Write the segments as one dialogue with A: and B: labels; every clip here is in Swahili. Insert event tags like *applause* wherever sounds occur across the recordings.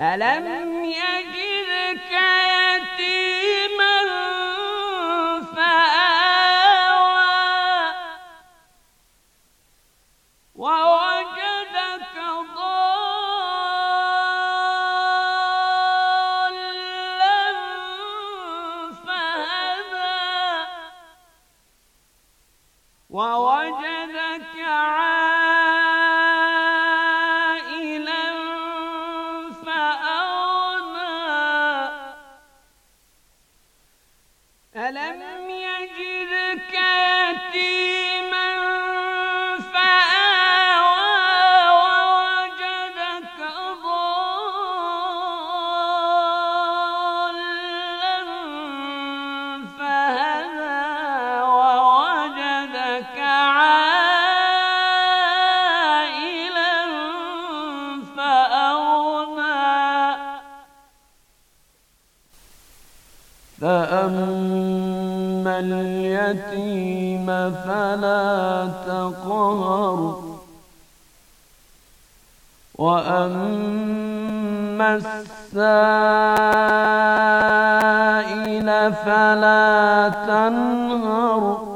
A: ألم يجدك يتيما فآوى ووجدك ضالا فهدى ووجدك
B: فأما اليتيم فلا تقهر وأما السائل فلا تنهر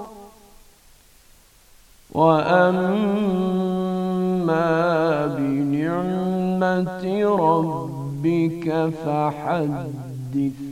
B: وأما بنعمة ربك فحدث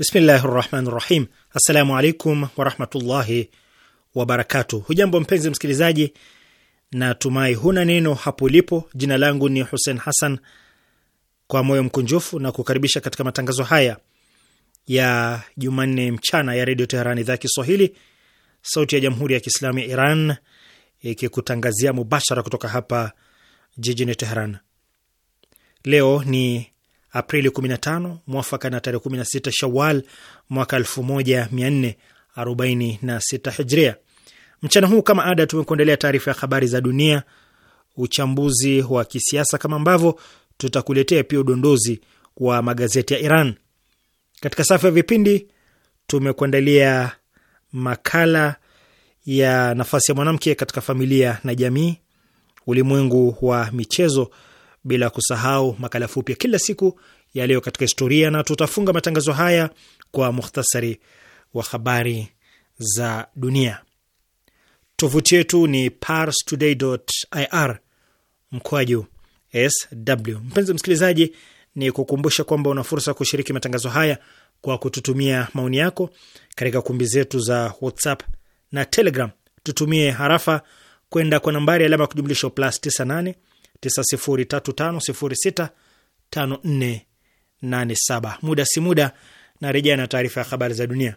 C: Bismillahi rahmani rahim. Assalamu alaikum warahmatullahi wabarakatuh. Hujambo mpenzi msikilizaji, na tumai huna neno hapo ulipo. Jina langu ni Hussein Hassan, kwa moyo mkunjufu na kukaribisha katika matangazo haya ya Jumanne mchana ya Redio Teheran, idhaa ya Kiswahili, sauti ya Jamhuri ya Kiislamu ya Iran, ikikutangazia mubashara kutoka hapa jijini Teheran. Leo ni Aprili 15 mwafaka na tarehe 16 Shawal mwaka 1446 Hijria. Mchana huu kama ada, tumekuendelea taarifa ya habari za dunia, uchambuzi wa kisiasa, kama ambavyo tutakuletea pia udondozi wa magazeti ya Iran. Katika safu ya vipindi tumekuandalia makala ya nafasi ya mwanamke katika familia na jamii, ulimwengu wa michezo bila kusahau makala fupi ya kila siku ya leo katika historia, na tutafunga matangazo haya kwa muhtasari wa habari za dunia. Tovuti yetu ni parstoday.ir mkwaju sw. Mpenzi msikilizaji, ni kukumbusha kwamba una fursa kushiriki matangazo haya kwa kututumia maoni yako katika kumbi zetu za WhatsApp na Telegram. Tutumie harafa kwenda kwa nambari alama ya kujumlisha plus 98 9035065487. Muda si muda na rejea na taarifa ya habari za dunia.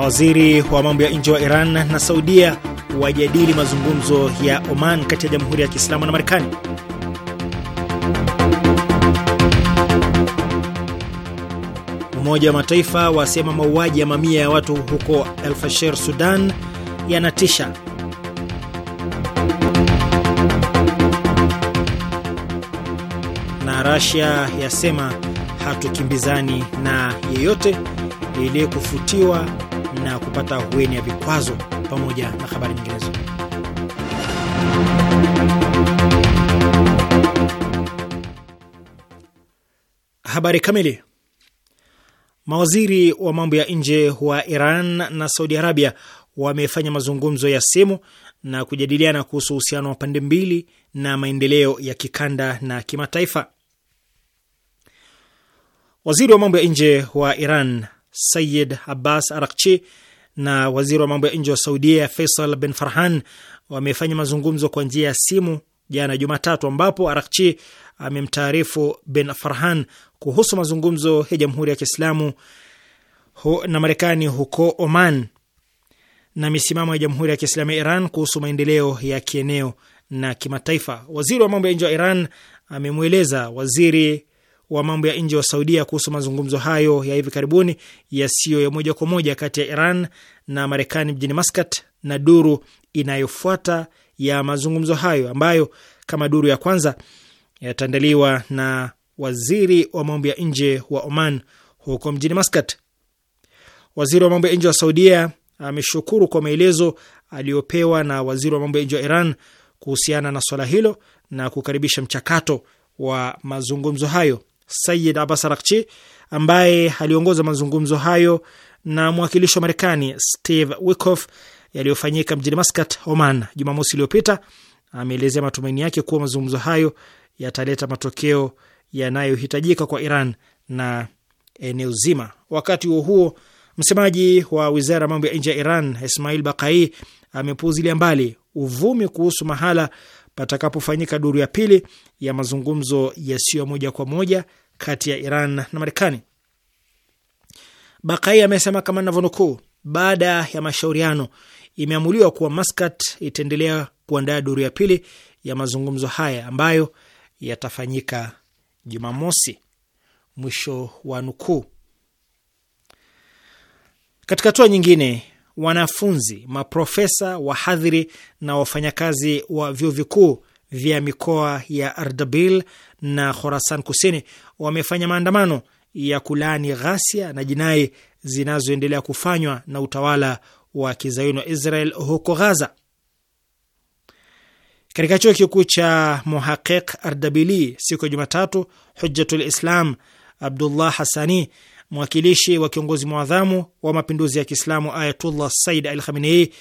C: Mawaziri wa mambo ya nje wa Iran na Saudia wajadili mazungumzo ya Oman kati ya Jamhuri ya Kiislamu na Marekani. Umoja wa Mataifa wasema mauaji ya mamia ya watu huko El Fasher, Sudan yanatisha. Na Russia yasema hatukimbizani na yeyote kufutiwa na kupata hueni ya vikwazo pamoja na habari nyinginezo. Habari kamili. Mawaziri wa mambo ya nje wa Iran na Saudi Arabia wamefanya mazungumzo ya simu na kujadiliana kuhusu uhusiano wa pande mbili na maendeleo ya kikanda na kimataifa. Waziri wa mambo ya nje wa Iran Sayid Abbas Arakchi na waziri wa mambo ya nje wa Saudia Faisal bin Farhan wamefanya mazungumzo kwa njia ya simu jana Jumatatu, ambapo Arakchi amemtaarifu bin Farhan kuhusu mazungumzo ya Jamhuri ya Kiislamu na Marekani huko Oman na misimamo ya Jamhuri ya Kiislamu ya Iran kuhusu maendeleo ya kieneo na kimataifa. Waziri wa mambo ya nje wa Iran amemweleza waziri wa mambo ya nje wa Saudia kuhusu mazungumzo hayo ya hivi karibuni yasiyo ya moja kwa moja kati ya Iran na Marekani mjini Maskat na duru inayofuata ya mazungumzo hayo ambayo kama duru ya kwanza yataandaliwa na waziri wa mambo ya nje wa Oman huko mjini Maskat. Waziri wa mambo ya nje wa Saudia ameshukuru kwa maelezo aliyopewa na waziri wa mambo ya nje wa Iran kuhusiana na swala hilo na kukaribisha mchakato wa mazungumzo hayo. Sayid Abbas ambaye aliongoza mazungumzo hayo na mwakilishi wa Marekani Steve Witkoff yaliyofanyika mjini Maskat, Oman, Jumamosi iliyopita, ameelezea matumaini yake kuwa mazungumzo hayo yataleta matokeo yanayohitajika kwa Iran na eneo zima. Wakati huo huo, msemaji wa wizara ya mambo ya nje ya Iran Ismail Bakai amepuuzilia mbali uvumi kuhusu mahala patakapofanyika duru ya pili ya mazungumzo yasiyo moja kwa moja kati ya Iran na Marekani. Bakai amesema kama navyonukuu, baada ya mashauriano imeamuliwa kuwa Maskat itaendelea kuandaa duru ya pili ya mazungumzo haya ambayo yatafanyika Jumamosi. Mwisho wa nukuu. Katika hatua nyingine, wanafunzi, maprofesa, wahadhiri na wafanyakazi wa vyuo vikuu vya mikoa ya Ardabil na Khorasan Kusini wamefanya maandamano ya kulaani ghasia na jinai zinazoendelea kufanywa na utawala wa kizayuni wa Israel huko Ghaza. Katika chuo kikuu cha Muhaqiq Ardabili siku ya Jumatatu, Hujjatul Islam Abdullah Hasani mwakilishi wa kiongozi mwadhamu wa mapinduzi ya Kiislamu Ayatullah Said Al Khamenei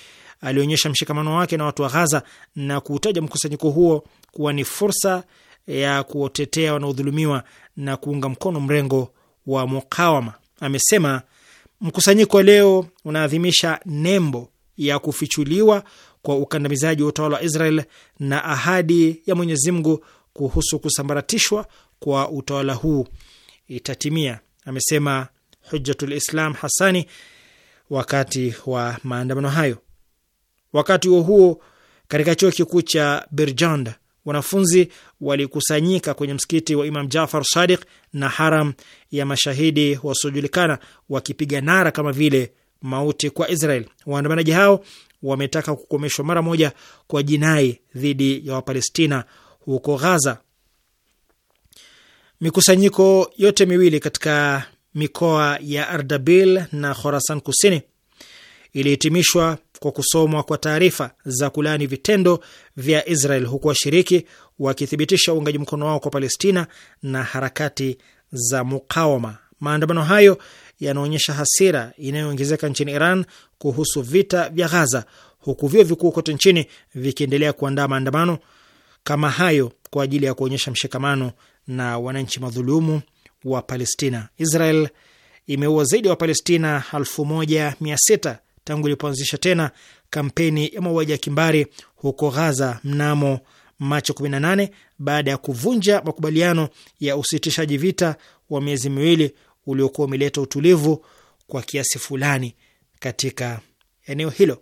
C: alionyesha mshikamano wake na watu wa Ghaza na kuutaja mkusanyiko huo kuwa ni fursa ya kuwatetea wanaodhulumiwa na kuunga mkono mrengo wa mukawama. Amesema mkusanyiko leo unaadhimisha nembo ya kufichuliwa kwa ukandamizaji wa utawala wa Israel na ahadi ya Mwenyezi Mungu kuhusu kusambaratishwa kwa utawala huu itatimia amesema Hujjatul Islam Hasani wakati wa maandamano hayo. Wakati huo huo, katika chuo kikuu cha Birjand wanafunzi walikusanyika kwenye msikiti wa Imam Jafar Sadiq na haram ya mashahidi wasiojulikana wakipiga nara kama vile mauti kwa Israel. Waandamanaji hao wametaka kukomeshwa mara moja kwa jinai dhidi ya Wapalestina huko Ghaza. Mikusanyiko yote miwili katika mikoa ya Ardabil na Khorasan Kusini ilihitimishwa kwa kusomwa kwa taarifa za kulaani vitendo vya Israel huku washiriki wakithibitisha uungaji mkono wao kwa Palestina na harakati za mukawama. Maandamano hayo yanaonyesha hasira inayoongezeka nchini Iran kuhusu vita vya Ghaza, huku vyuo vikuu kote nchini vikiendelea kuandaa maandamano kama hayo kwa ajili ya kuonyesha mshikamano na wananchi madhulumu wa Palestina. Israel imeua zaidi ya wa Wapalestina 1600 tangu ilipoanzisha tena kampeni ya mauaji ya kimbari huko Ghaza mnamo Machi 18 baada ya kuvunja makubaliano ya usitishaji vita wa miezi miwili uliokuwa umeleta utulivu kwa kiasi fulani katika eneo hilo.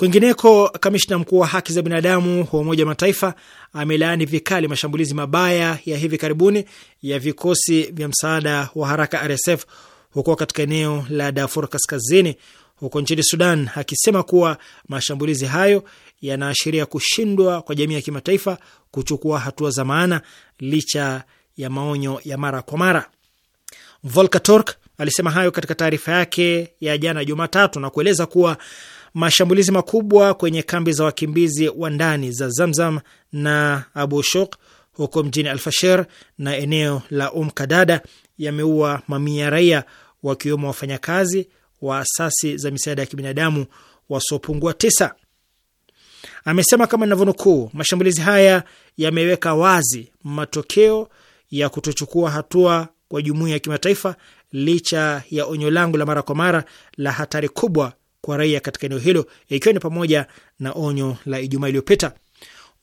C: Kwingineko, kamishna mkuu wa haki za binadamu wa Umoja wa Mataifa amelaani vikali mashambulizi mabaya ya hivi karibuni ya vikosi vya msaada wa haraka RSF huko katika eneo la Darfur Kaskazini huko nchini Sudan, akisema kuwa mashambulizi hayo yanaashiria kushindwa kwa jamii ya kimataifa kuchukua hatua za maana licha ya maonyo ya mara kwa mara. Volker Turk alisema hayo katika taarifa yake ya jana Jumatatu na kueleza kuwa Mashambulizi makubwa kwenye kambi za wakimbizi wa ndani za Zamzam na Abu Shuk huko mjini Alfasher na eneo la umkadada yameua mamia ya raia wakiwemo wafanyakazi wa asasi za misaada ya kibinadamu wasiopungua tisa. Amesema kama navyonukuu, mashambulizi haya yameweka wazi matokeo ya kutochukua hatua kwa jumuiya ya kimataifa licha ya onyo langu la mara kwa mara la hatari kubwa kwa raia katika eneo hilo, ikiwa ni pamoja na onyo la Ijumaa iliyopita.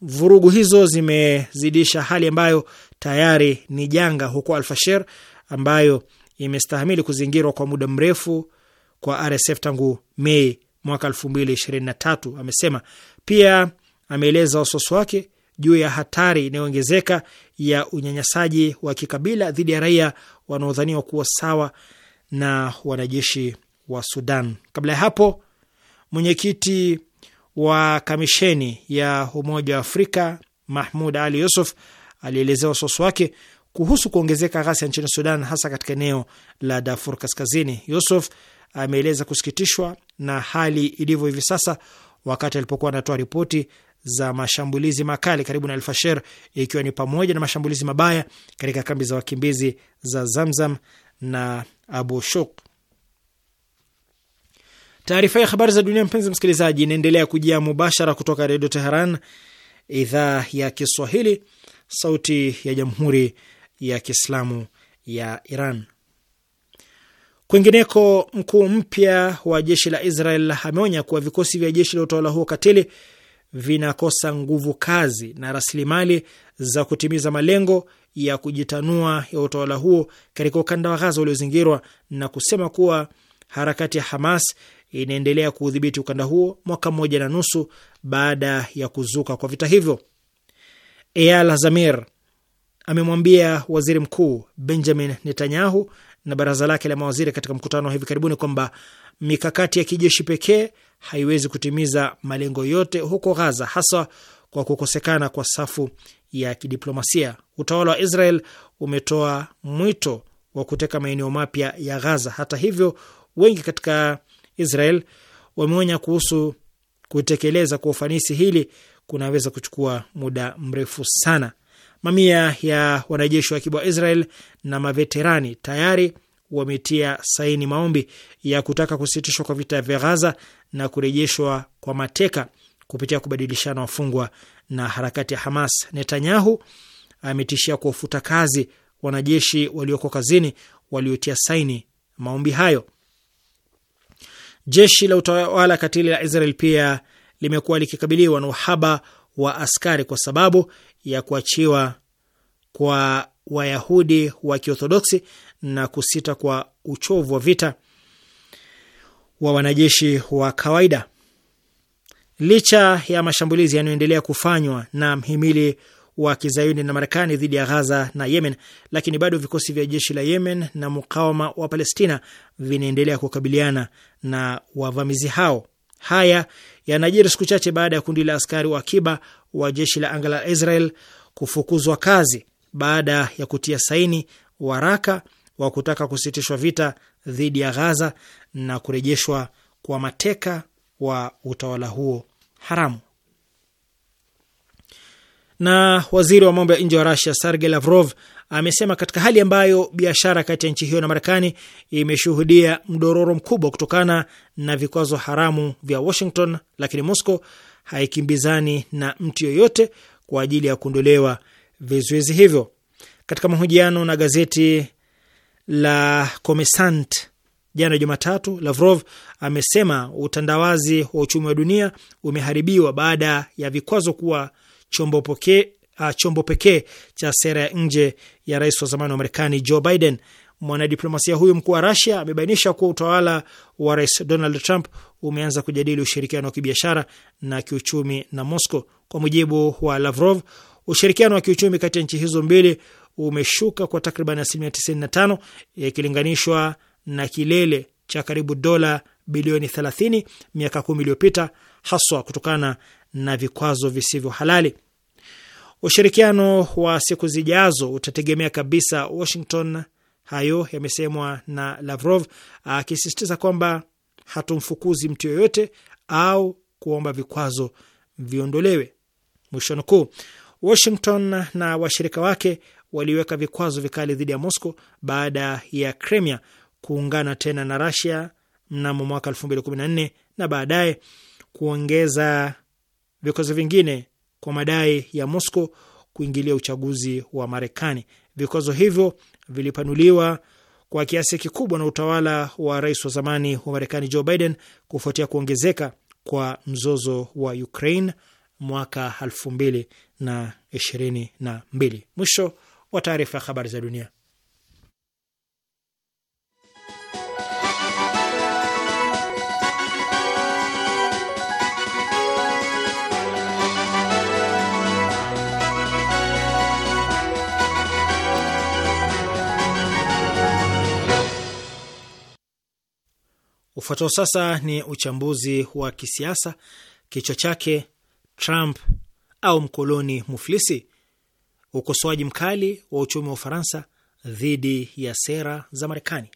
C: Vurugu hizo zimezidisha hali ambayo tayari ni janga huko Alfasher, ambayo imestahamili kuzingirwa kwa muda mrefu kwa RSF tangu Mei mwaka 2023, amesema. Pia ameeleza wasiwasi wake juu ya hatari inayoongezeka ya unyanyasaji wa kikabila dhidi ya raia wanaodhaniwa kuwa sawa na wanajeshi wa Sudan. Kabla ya hapo, mwenyekiti wa kamisheni ya Umoja wa Afrika Mahmud Ali Yusuf alielezea wasiwasi wake kuhusu kuongezeka ghasia nchini Sudan, hasa katika eneo la Darfur Kaskazini. Yusuf ameeleza kusikitishwa na hali ilivyo hivi sasa, wakati alipokuwa anatoa ripoti za mashambulizi makali karibu na Alfasher, ikiwa ni pamoja na mashambulizi mabaya katika kambi za wakimbizi za Zamzam na Abu Shuk. Taarifa ya habari za dunia, mpenzi msikilizaji, inaendelea kujia mubashara kutoka Redio Teheran, idhaa ya Kiswahili, sauti ya jamhuri ya kiislamu ya Iran. Kwingineko, mkuu mpya wa jeshi la Israel ameonya kuwa vikosi vya jeshi la utawala huo katili vinakosa nguvu kazi na rasilimali za kutimiza malengo ya kujitanua ya utawala huo katika ukanda wa Ghaza uliozingirwa na kusema kuwa harakati ya Hamas inaendelea kuudhibiti ukanda huo mwaka mmoja na nusu baada ya kuzuka kwa vita hivyo. Eyal Zamir amemwambia waziri mkuu Benjamin Netanyahu na baraza lake la mawaziri katika mkutano wa hivi karibuni kwamba mikakati ya kijeshi pekee haiwezi kutimiza malengo yote huko Gaza, hasa kwa kukosekana kwa safu ya kidiplomasia. Utawala wa Israel umetoa mwito wa kuteka maeneo mapya ya Gaza. Hata hivyo, wengi katika Israel wameonya kuhusu kutekeleza kwa ufanisi hili kunaweza kuchukua muda mrefu sana. Mamia ya wanajeshi wa akiba wa Israel na maveterani tayari wametia saini maombi ya kutaka kusitishwa kwa vita vya Ghaza na kurejeshwa kwa mateka kupitia kubadilishana wafungwa na harakati ya Hamas. Netanyahu ametishia kuwafuta kazi wanajeshi walioko kazini waliotia saini maombi hayo. Jeshi la utawala katili la Israel pia limekuwa likikabiliwa na uhaba wa askari kwa sababu ya kuachiwa kwa Wayahudi wa Kiorthodoksi na kusita kwa uchovu wa vita wa wanajeshi wa kawaida. Licha ya mashambulizi yanayoendelea kufanywa na mhimili wa kizayuni na Marekani dhidi ya Ghaza na Yemen, lakini bado vikosi vya jeshi la Yemen na mukawama wa Palestina vinaendelea kukabiliana na wavamizi hao. Haya yanajiri siku chache baada ya kundi la askari wa akiba wa jeshi la anga la Israel kufukuzwa kazi baada ya kutia saini waraka wa kutaka kusitishwa vita dhidi ya Ghaza na kurejeshwa kwa mateka wa utawala huo haramu. Na waziri wa mambo ya nje wa Rusia Sergey Lavrov amesema katika hali ambayo biashara kati ya nchi hiyo na Marekani imeshuhudia mdororo mkubwa kutokana na vikwazo haramu vya Washington, lakini Moscow haikimbizani na mtu yoyote kwa ajili ya kuondolewa vizuizi hivyo. Katika mahojiano na gazeti la Kommersant jana Jumatatu, Lavrov amesema utandawazi wa uchumi wa dunia umeharibiwa baada ya vikwazo kuwa chombo Uh, chombo pekee cha sera ya nje ya rais wa zamani wa Marekani Joe Biden. Mwanadiplomasia huyu mkuu wa rusia amebainisha kuwa utawala wa Rais Donald Trump umeanza kujadili ushirikiano wa kibiashara na kiuchumi na Moscow. Kwa mujibu wa Lavrov, ushirikiano wa kiuchumi kati ya nchi hizo mbili umeshuka kwa takriban asilimia 95 yakilinganishwa na kilele cha karibu dola bilioni 30 miaka kumi iliyopita, haswa kutokana na vikwazo visivyo halali. Ushirikiano wa siku zijazo utategemea kabisa Washington. Hayo yamesemwa na Lavrov akisisitiza kwamba hatumfukuzi mtu yoyote au kuomba vikwazo viondolewe, mwisho nukuu. Washington na washirika wake waliweka vikwazo vikali dhidi ya Moscow baada ya Crimea kuungana tena na Russia mnamo mwaka 214 na baadaye kuongeza vikwazo vingine kwa madai ya Moscow kuingilia uchaguzi wa Marekani. Vikwazo hivyo vilipanuliwa kwa kiasi kikubwa na utawala wa rais wa zamani wa Marekani Joe Biden kufuatia kuongezeka kwa mzozo wa Ukraine mwaka elfu mbili na ishirini na mbili. Mwisho wa taarifa ya habari za dunia. Ufuatao sasa ni uchambuzi wa kisiasa, kichwa chake Trump au mkoloni muflisi, ukosoaji mkali wa uchumi wa Ufaransa dhidi ya sera za Marekani.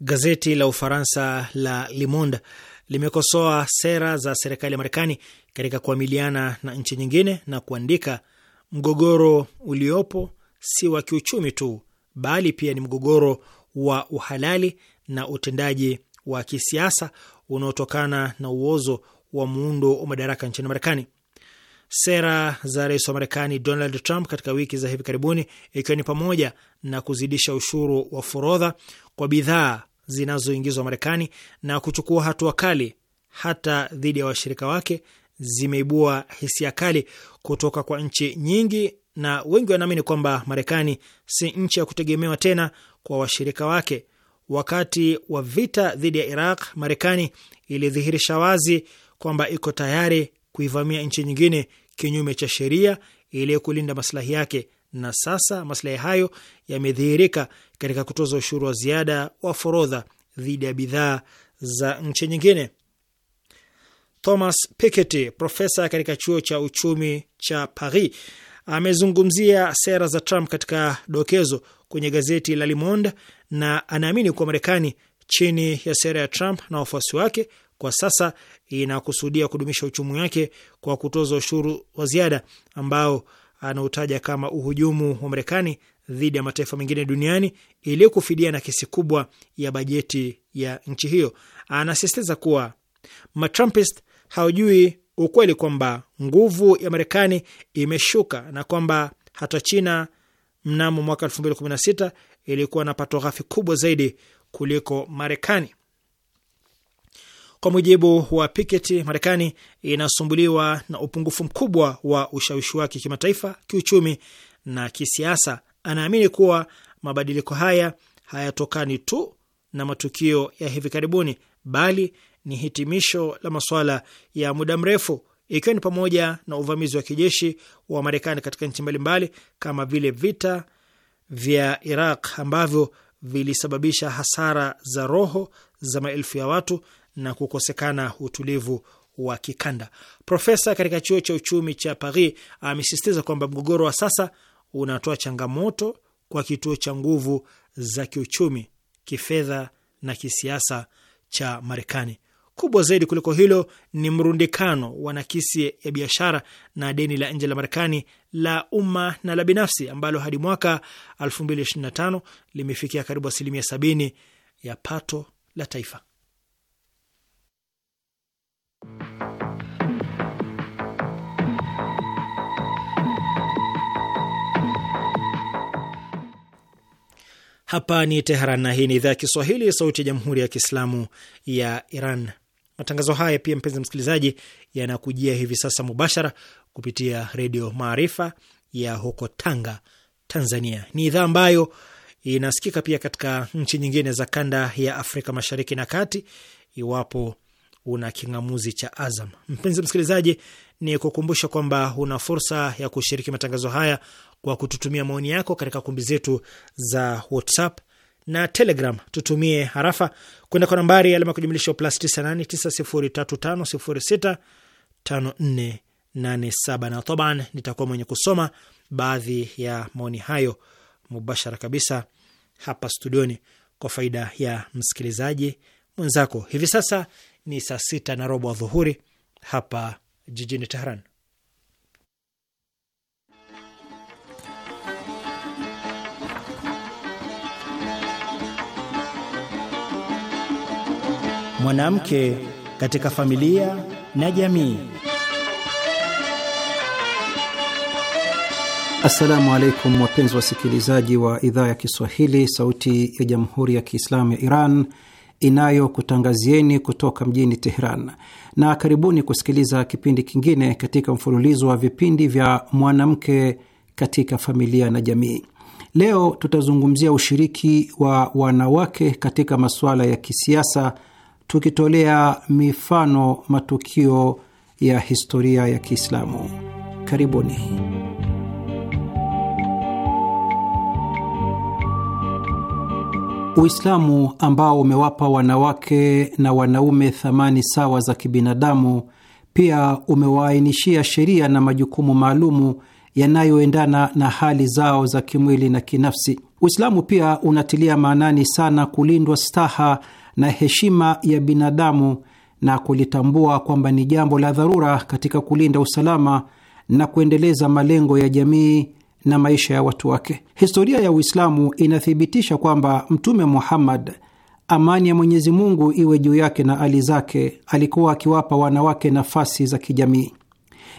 C: Gazeti la Ufaransa la Le Monde limekosoa sera za serikali ya Marekani katika kuamiliana na nchi nyingine na kuandika, mgogoro uliopo si wa kiuchumi tu, bali pia ni mgogoro wa uhalali na utendaji wa kisiasa unaotokana na uozo wa muundo wa madaraka nchini Marekani. Sera za rais wa Marekani Donald Trump katika wiki za hivi karibuni, ikiwa ni pamoja na kuzidisha ushuru wa forodha kwa bidhaa zinazoingizwa Marekani na kuchukua hatua kali hata dhidi ya washirika wake zimeibua hisia kali kutoka kwa nchi nyingi, na wengi wanaamini kwamba Marekani si nchi ya kutegemewa tena kwa washirika wake. Wakati wa vita dhidi ya Iraq, Marekani ilidhihirisha wazi kwamba iko tayari kuivamia nchi nyingine kinyume cha sheria ili kulinda maslahi yake, na sasa maslahi hayo yamedhihirika katika kutoza ushuru wa ziada wa forodha dhidi ya bidhaa za nchi nyingine. Thomas Piketty, profesa katika chuo cha uchumi cha Paris, amezungumzia sera za Trump katika dokezo kwenye gazeti la Le Monde na anaamini kuwa Marekani chini ya sera ya Trump na wafuasi wake kwa sasa inakusudia kudumisha uchumi wake kwa kutoza ushuru wa ziada ambao anautaja kama uhujumu wa Marekani dhidi ya mataifa mengine duniani ili kufidia nakisi kubwa ya bajeti ya nchi hiyo. Anasisitiza kuwa maTrumpist haujui ukweli kwamba nguvu ya Marekani imeshuka na kwamba hata China mnamo mwaka 2016 ilikuwa na pato ghafi kubwa zaidi kuliko Marekani. Kwa mujibu wa Piketty, Marekani inasumbuliwa na upungufu mkubwa wa ushawishi wake kimataifa, kiuchumi na kisiasa. Anaamini kuwa mabadiliko haya hayatokani tu na matukio ya hivi karibuni, bali ni hitimisho la masuala ya muda mrefu ikiwa ni pamoja na uvamizi wa kijeshi wa Marekani katika nchi mbalimbali kama vile vita vya Iraq ambavyo vilisababisha hasara za roho za maelfu ya watu na kukosekana utulivu wa kikanda. Profesa katika chuo cha uchumi cha Paris amesisitiza kwamba mgogoro wa sasa unatoa changamoto kwa kituo cha nguvu za kiuchumi, kifedha na kisiasa cha Marekani. Kubwa zaidi kuliko hilo ni mrundikano wa nakisi ya biashara na deni la nje la Marekani la umma na la binafsi ambalo hadi mwaka 2025 limefikia karibu asilimia sabini ya pato la taifa. Hapa ni Teheran na hii ni idhaa ya Kiswahili, sauti ya jamhuri ya kiislamu ya Iran. Matangazo haya pia, mpenzi msikilizaji, yanakujia hivi sasa mubashara kupitia Redio Maarifa ya huko Tanga, Tanzania. Ni idhaa ambayo inasikika pia katika nchi nyingine za kanda ya Afrika Mashariki na Kati, iwapo una king'amuzi cha Azam. Mpenzi msikilizaji, ni kukumbusha kwamba una fursa ya kushiriki matangazo haya kwa kututumia maoni yako katika kumbi zetu za WhatsApp na Telegram, tutumie harafa kwenda kwa nambari ya alama kujumlisha plus 989035065487 na taban, nitakuwa mwenye kusoma baadhi ya maoni hayo mubashara kabisa hapa studioni kwa faida ya msikilizaji mwenzako. Hivi sasa ni saa sita na robo adhuhuri hapa jijini Tehran. mwanamke
D: katika familia na jamii. Assalamu alaikum wapenzi wasikilizaji wa idhaa ya Kiswahili, Sauti ya Jamhuri ya Kiislamu ya Iran inayokutangazieni kutoka mjini Teheran, na karibuni kusikiliza kipindi kingine katika mfululizo wa vipindi vya mwanamke katika familia na jamii. Leo tutazungumzia ushiriki wa wanawake katika masuala ya kisiasa tukitolea mifano matukio ya historia ya Kiislamu. Karibuni. Uislamu ambao umewapa wanawake na wanaume thamani sawa za kibinadamu pia umewaainishia sheria na majukumu maalumu yanayoendana na hali zao za kimwili na kinafsi. Uislamu pia unatilia maanani sana kulindwa staha na heshima ya binadamu na kulitambua kwamba ni jambo la dharura katika kulinda usalama na kuendeleza malengo ya jamii na maisha ya watu wake. Historia ya Uislamu inathibitisha kwamba Mtume Muhammad, amani ya Mwenyezi Mungu iwe juu yake na ali zake, alikuwa akiwapa wanawake nafasi za kijamii.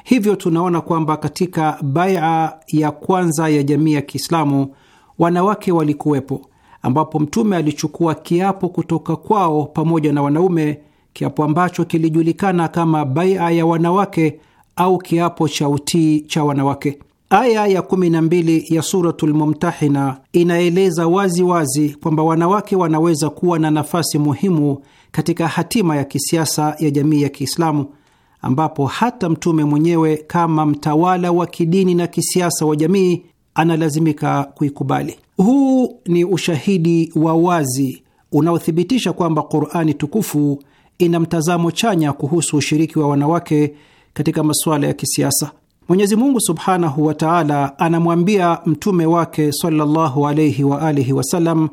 D: Hivyo tunaona kwamba katika baia ya kwanza ya jamii ya Kiislamu wanawake walikuwepo ambapo Mtume alichukua kiapo kutoka kwao pamoja na wanaume, kiapo ambacho kilijulikana kama baia ya wanawake au kiapo cha utii cha wanawake. Aya ya 12 ya Suratul Mumtahina inaeleza wazi wazi kwamba wanawake wanaweza kuwa na nafasi muhimu katika hatima ya kisiasa ya jamii ya Kiislamu, ambapo hata Mtume mwenyewe kama mtawala wa kidini na kisiasa wa jamii analazimika kuikubali. Huu ni ushahidi wa wazi unaothibitisha kwamba Qur'ani tukufu ina mtazamo chanya kuhusu ushiriki wa wanawake katika masuala ya kisiasa. Mwenyezi Mungu Subhanahu wa Ta'ala anamwambia mtume wake sallallahu alayhi wa alihi wasallam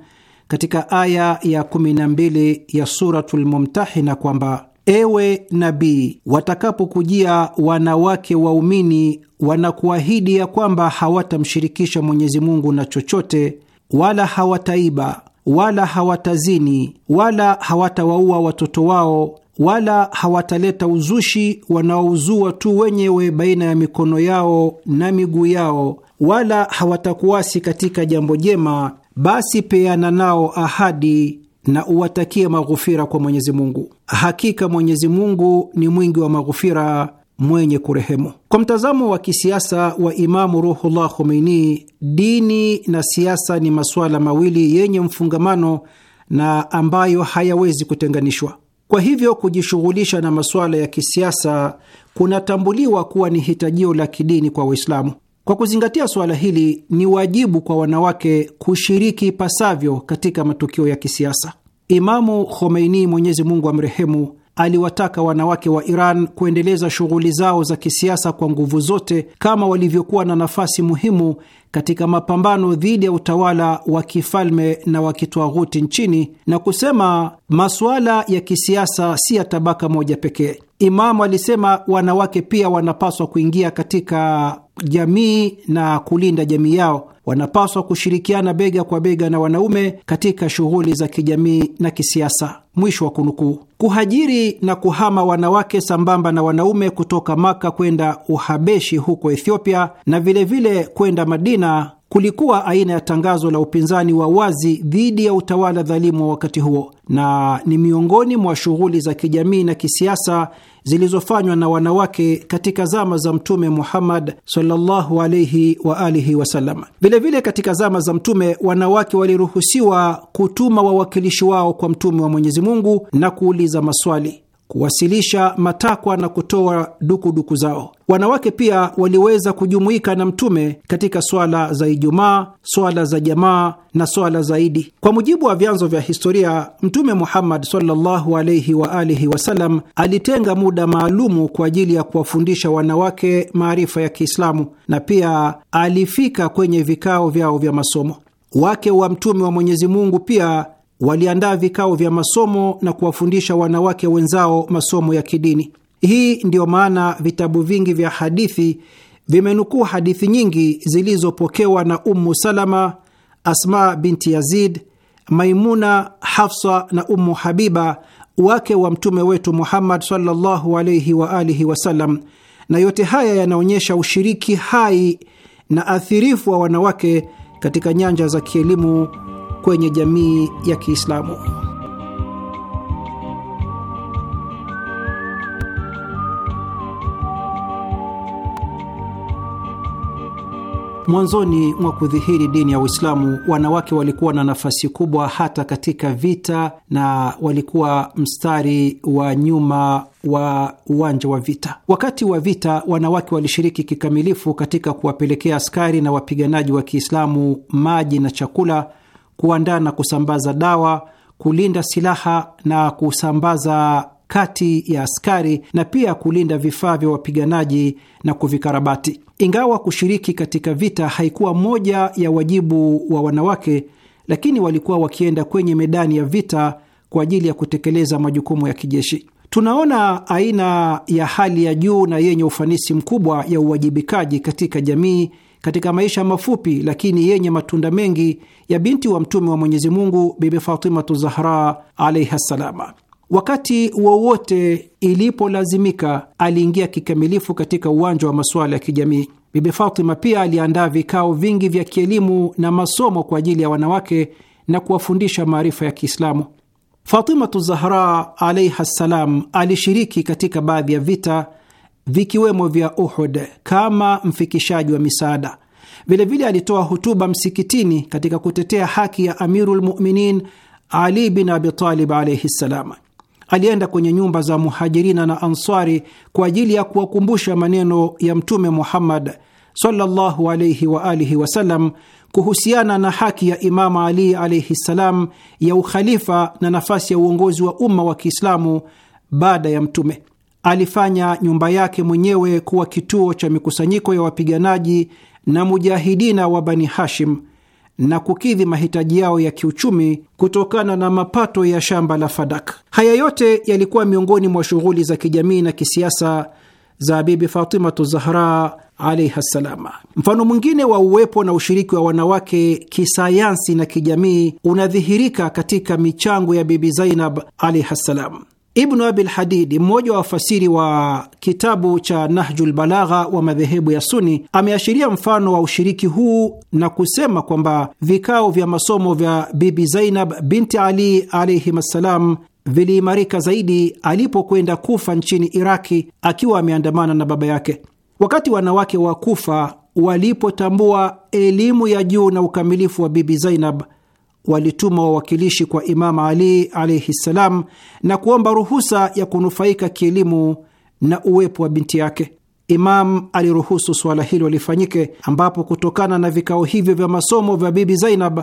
D: katika aya ya 12 ya suratul Mumtahina kwamba Ewe nabii, watakapokujia wanawake waumini wanakuahidi ya kwamba hawatamshirikisha Mwenyezi Mungu na chochote, wala hawataiba wala hawatazini wala hawatawaua watoto wao wala hawataleta uzushi wanaouzua tu wenyewe baina ya mikono yao na miguu yao, wala hawatakuasi katika jambo jema, basi peana nao ahadi na uwatakie maghufira kwa Mwenyezi Mungu. Hakika Mwenyezi Mungu ni mwingi wa maghufira, mwenye kurehemu. Kwa mtazamo wa kisiasa wa Imamu Ruhullah Khomeini, dini na siasa ni masuala mawili yenye mfungamano na ambayo hayawezi kutenganishwa. Kwa hivyo kujishughulisha na masuala ya kisiasa kunatambuliwa kuwa ni hitajio la kidini kwa Waislamu. Kwa kuzingatia suala hili, ni wajibu kwa wanawake kushiriki ipasavyo katika matukio ya kisiasa. Imamu Khomeini, Mwenyezi Mungu amrehemu, aliwataka wanawake wa Iran kuendeleza shughuli zao za kisiasa kwa nguvu zote, kama walivyokuwa na nafasi muhimu katika mapambano dhidi ya utawala wa kifalme na wa kitwaghuti nchini na kusema masuala ya kisiasa si ya tabaka moja pekee. Imamu alisema wanawake pia wanapaswa kuingia katika jamii na kulinda jamii yao. Wanapaswa kushirikiana bega kwa bega na wanaume katika shughuli za kijamii na kisiasa. Mwisho wa kunukuu. Kuhajiri na kuhama wanawake sambamba na wanaume kutoka Maka kwenda Uhabeshi huko Ethiopia na vilevile kwenda Madina Palestina kulikuwa aina ya tangazo la upinzani wa wazi dhidi ya utawala dhalimu wa wakati huo na ni miongoni mwa shughuli za kijamii na kisiasa zilizofanywa na wanawake katika zama za Mtume Muhammad sallallahu wa alihi wasallam. Vilevile katika zama za Mtume wanawake waliruhusiwa kutuma wawakilishi wao kwa Mtume wa Mwenyezi Mungu na kuuliza maswali kuwasilisha matakwa na kutoa dukuduku zao. Wanawake pia waliweza kujumuika na Mtume katika swala za Ijumaa, swala za jamaa na swala zaidi Kwa mujibu wa vyanzo vya historia, Mtume Muhammad sallallahu alaihi wa alihi wasallam alitenga muda maalumu kwa ajili ya kuwafundisha wanawake maarifa ya Kiislamu, na pia alifika kwenye vikao vyao vya masomo. Wake wa Mtume wa Mwenyezi Mungu pia waliandaa vikao vya masomo na kuwafundisha wanawake wenzao masomo ya kidini. Hii ndiyo maana vitabu vingi vya hadithi vimenukuu hadithi nyingi zilizopokewa na Ummu Salama, Asma binti Yazid, Maimuna, Hafsa na Ummu Habiba, wake wa Mtume wetu Muhammad sallallahu alaihi wa alihi wasallam, na yote haya yanaonyesha ushiriki hai na athirifu wa wanawake katika nyanja za kielimu kwenye jamii ya Kiislamu. Mwanzoni mwa kudhihiri dini ya Uislamu, wanawake walikuwa na nafasi kubwa hata katika vita na walikuwa mstari wa nyuma wa uwanja wa vita. Wakati wa vita, wanawake walishiriki kikamilifu katika kuwapelekea askari na wapiganaji wa Kiislamu maji na chakula kuandaa na kusambaza dawa, kulinda silaha na kusambaza kati ya askari na pia kulinda vifaa vya wapiganaji na kuvikarabati. Ingawa kushiriki katika vita haikuwa moja ya wajibu wa wanawake, lakini walikuwa wakienda kwenye medani ya vita kwa ajili ya kutekeleza majukumu ya kijeshi. Tunaona aina ya hali ya juu na yenye ufanisi mkubwa ya uwajibikaji katika jamii katika maisha mafupi lakini yenye matunda mengi ya binti wa mtume wa Mwenyezi Mungu, Bibi Fatimatu Zahra alaihi ssalama. Wakati wowote ilipolazimika, aliingia kikamilifu katika uwanja wa masuala ya kijamii. Bibi Fatima pia aliandaa vikao vingi vya kielimu na masomo kwa ajili ya wanawake na kuwafundisha maarifa ya Kiislamu. Fatimatu Zahra alaihi ssalam alishiriki katika baadhi ya vita vikiwemo vya Uhud kama mfikishaji wa misaada. Vilevile alitoa hutuba msikitini katika kutetea haki ya amirulmuminin Ali bin Abitalib alaihi ssalam. Alienda kwenye nyumba za Muhajirina na ansari kwa ajili ya kuwakumbusha maneno ya Mtume Muhammad sallallahu alaihi wasallam kuhusiana na haki ya Imamu Ali alaihi ssalam ya ukhalifa na nafasi ya uongozi wa umma wa Kiislamu baada ya Mtume. Alifanya nyumba yake mwenyewe kuwa kituo cha mikusanyiko ya wapiganaji na mujahidina wa Bani Hashim na kukidhi mahitaji yao ya kiuchumi kutokana na mapato ya shamba la Fadak. Haya yote yalikuwa miongoni mwa shughuli za kijamii na kisiasa za Bibi Fatimatu Zahra alaihi ssalama. Mfano mwingine wa uwepo na ushiriki wa wanawake kisayansi na kijamii unadhihirika katika michango ya Bibi Zainab alaihi ssalam. Ibnu Abil Hadidi, mmoja wa wafasiri wa kitabu cha Nahjul Balagha wa madhehebu ya Suni, ameashiria mfano wa ushiriki huu na kusema kwamba vikao vya masomo vya Bibi Zainab binti Ali alaihim assalam viliimarika zaidi alipokwenda Kufa nchini Iraki akiwa ameandamana na baba yake. Wakati wanawake wa Kufa walipotambua elimu ya juu na ukamilifu wa Bibi Zainab walituma wawakilishi kwa Imam Ali alaihi ssalam na kuomba ruhusa ya kunufaika kielimu na uwepo wa binti yake. Imam aliruhusu suala hilo lifanyike, ambapo kutokana na vikao hivyo vya masomo vya Bibi Zainab,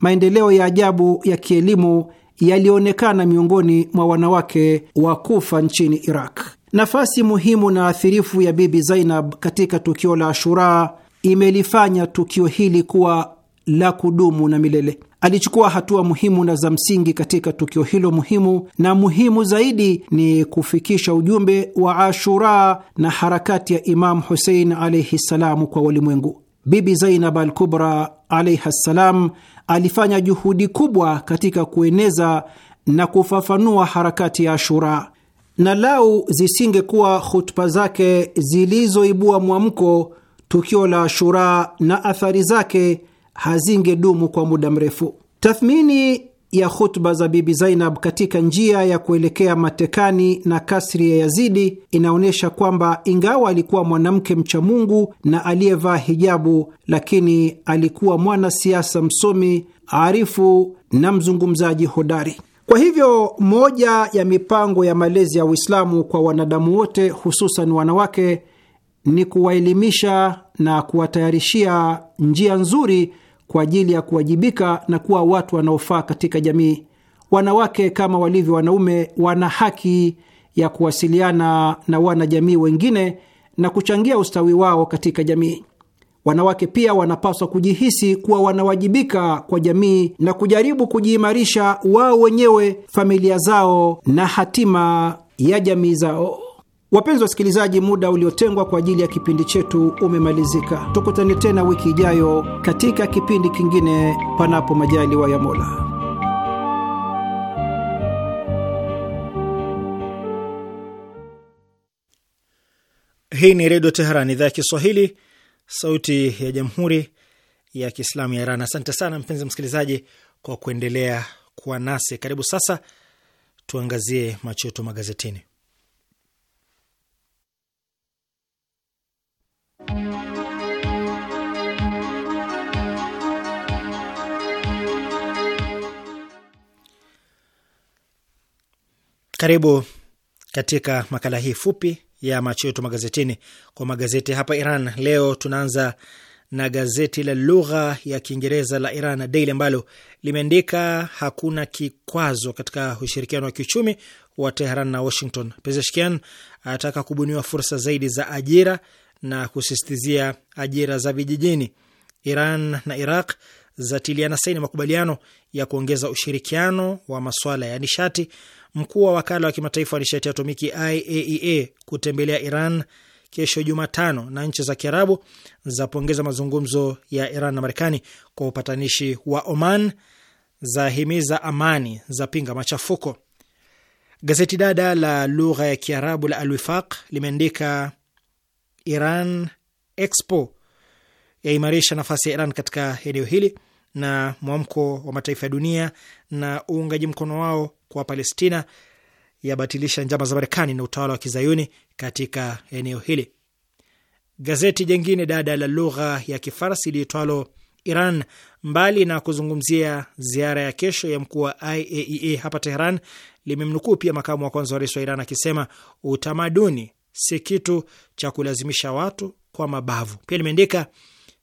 D: maendeleo ya ajabu ya kielimu yalionekana miongoni mwa wanawake wa Kufa nchini Iraq. Nafasi muhimu na athirifu ya Bibi Zainab katika tukio la Ashura imelifanya tukio hili kuwa la kudumu na milele. Alichukua hatua muhimu na za msingi katika tukio hilo muhimu, na muhimu zaidi ni kufikisha ujumbe wa Ashura na harakati ya Imamu Husein alaihi ssalamu kwa walimwengu. Bibi Zainab al Kubra alaiha ssalam alifanya juhudi kubwa katika kueneza na kufafanua harakati ya Ashura, na lau zisingekuwa hutuba zake zilizoibua mwamko, tukio la Ashura na athari zake hazingedumu kwa muda mrefu. Tathmini ya hutuba za Bibi Zainab katika njia ya kuelekea matekani na kasri ya Yazidi inaonyesha kwamba ingawa alikuwa mwanamke mcha Mungu na aliyevaa hijabu, lakini alikuwa mwanasiasa msomi, arifu na mzungumzaji hodari. Kwa hivyo moja ya mipango ya malezi ya Uislamu kwa wanadamu wote, hususan wanawake, ni kuwaelimisha na kuwatayarishia njia nzuri kwa ajili ya kuwajibika na kuwa watu wanaofaa katika jamii. Wanawake kama walivyo wanaume, wana haki ya kuwasiliana na wanajamii wengine na kuchangia ustawi wao katika jamii. Wanawake pia wanapaswa kujihisi kuwa wanawajibika kwa jamii na kujaribu kujiimarisha wao wenyewe, familia zao na hatima ya jamii zao. Wapenzi wasikilizaji, muda uliotengwa kwa ajili ya kipindi chetu umemalizika. Tukutane tena wiki ijayo katika kipindi kingine, panapo majaliwa ya Mola.
C: Hii ni Redio Teheran, idhaa ya Kiswahili, sauti ya Jamhuri ya Kiislamu ya Iran. Asante sana mpenzi msikilizaji kwa kuendelea kuwa nasi. Karibu sasa tuangazie macho yetu magazetini. Karibu katika makala hii fupi ya macho yetu magazetini kwa magazeti hapa Iran. Leo tunaanza na gazeti la lugha ya Kiingereza la Iran na Daily ambalo limeandika hakuna kikwazo katika ushirikiano wa kiuchumi wa Teheran na Washington. Pezeshkian ataka kubuniwa fursa zaidi za ajira na kusisitizia ajira za vijijini. Iran na Iraq zatiliana saini makubaliano ya kuongeza ushirikiano wa maswala ya nishati. Mkuu wa wakala wa kimataifa wa nishati ya atomiki IAEA e kutembelea Iran kesho Jumatano, na nchi za Kiarabu zapongeza mazungumzo ya Iran na Marekani kwa upatanishi wa Oman, zahimiza amani, zapinga machafuko. Gazeti dada la lugha ya Kiarabu la Alwifaq limeandika Iran Expo yaimarisha nafasi ya Iran katika eneo hili na mwamko wa mataifa ya dunia na uungaji mkono wao kwa Palestina yabatilisha njama za Marekani na utawala wa kizayuni katika eneo hili. Gazeti jengine dada la lugha ya Kifarsi liitwalo Iran, mbali na kuzungumzia ziara ya kesho ya mkuu wa IAEA e hapa Teheran, limemnukuu pia makamu wa kwanza wa rais wa Iran akisema utamaduni si kitu cha kulazimisha watu kwa mabavu. Pia limeandika